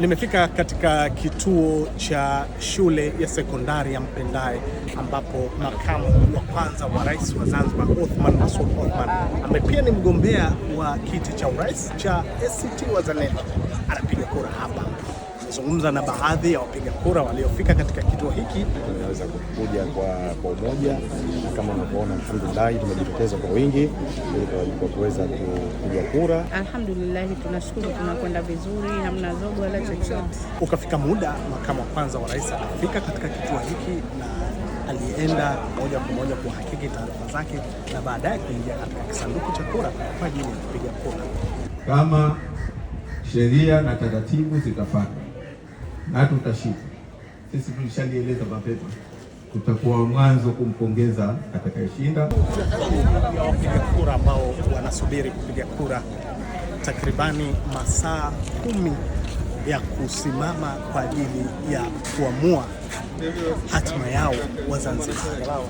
Nimefika katika kituo cha shule ya sekondari ya Mpendae ambapo makamu wa kwanza wa rais wa Zanzibar Othman Masoud Othman ambaye pia ni mgombea wa kiti cha urais cha ACT Wazalendo anapiga kura hapa kuzungumza na baadhi ya wapiga kura waliofika katika kituo hiki, tunaweza kukuja kwa, kwa umoja na kama unavyoona, alhamdulillah tumejitokeza kwa wingi kwa kuweza kupiga kura. Alhamdulillah, tunashukuru tunakwenda vizuri, hamna zogo wala chochote. Ukafika muda makamu wa kwanza wa rais akafika katika kituo hiki na alienda moja kwa moja kuhakiki taarifa zake na baadaye kuingia katika kisanduku cha kura kwa ajili ya kupiga kura kama sheria na taratibu zitafuatwa na hata utashinda. Sisi tulishalieleza mapema, tutakuwa mwanzo kumpongeza atakayeshinda. wapiga kura ambao wanasubiri kupiga kura takribani masaa kumi ya kusimama kwa ajili ya kuamua hatima yao Wazanzibari.